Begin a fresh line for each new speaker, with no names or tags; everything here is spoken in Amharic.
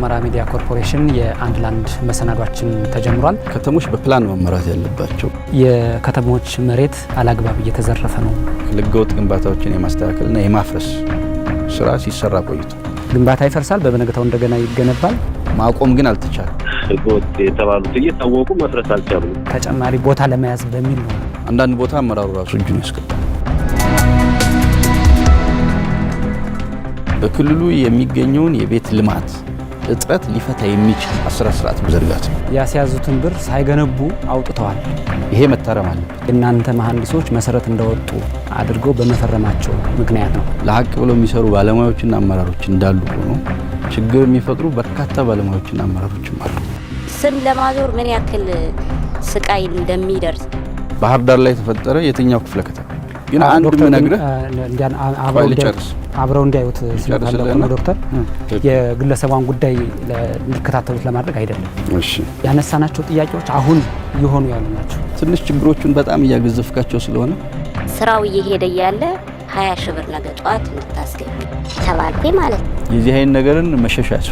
አማራ ሚዲያ ኮርፖሬሽን የአንድ ለአንድ መሰናዷችን ተጀምሯል።
ከተሞች በፕላን መመራት ያለባቸው።
የከተሞች መሬት አላግባብ እየተዘረፈ ነው።
ህገወጥ ግንባታዎችን የማስተካከልና የማፍረስ ስራ ሲሰራ ቆይቶ
ግንባታ ይፈርሳል፣ በበነገታው እንደገና ይገነባል።
ማቆም ግን አልተቻለም።
ህገወጥ የተባሉት እየታወቁ መፍረስ አልቻሉ።
ተጨማሪ ቦታ ለመያዝ በሚል ነው።
አንዳንድ ቦታ አመራሩ ራሱ እጁን ያስገባል። በክልሉ የሚገኘውን የቤት ልማት እጥረት ሊፈታ የሚችል አሰራር ስርዓት መዘርጋት ነው።
ያስያዙትን ብር ሳይገነቡ አውጥተዋል።
ይሄ መታረም አለበት።
እናንተ መሐንዲሶች መሰረት እንደወጡ አድርገው በመፈረማቸው ምክንያት ነው።
ለሀቅ ብለው የሚሰሩ ባለሙያዎችና አመራሮች እንዳሉ ሆኖ ችግር የሚፈጥሩ በርካታ ባለሙያዎችና አመራሮችም አሉ።
ስም ለማዞር ምን ያክል ስቃይ እንደሚደርስ
ባህር ዳር ላይ የተፈጠረ የትኛው ክፍለ ከተማ ግን አንድ ምነግርህ
አብረው እንዲያዩት ዶክተር የግለሰቧን ጉዳይ እንዲከታተሉት ለማድረግ አይደለም። ያነሳናቸው ጥያቄዎች አሁን እየሆኑ ያሉ ናቸው።
ትንሽ ችግሮቹን በጣም እያገዘፍካቸው ስለሆነ
ስራው እየሄደ እያለ ሀያ ሺህ ብር ነገ ጠዋት እንድታስገኝ ተባልኩኝ ማለት ነው።
የዚህ አይነት ነገርን መሸሽ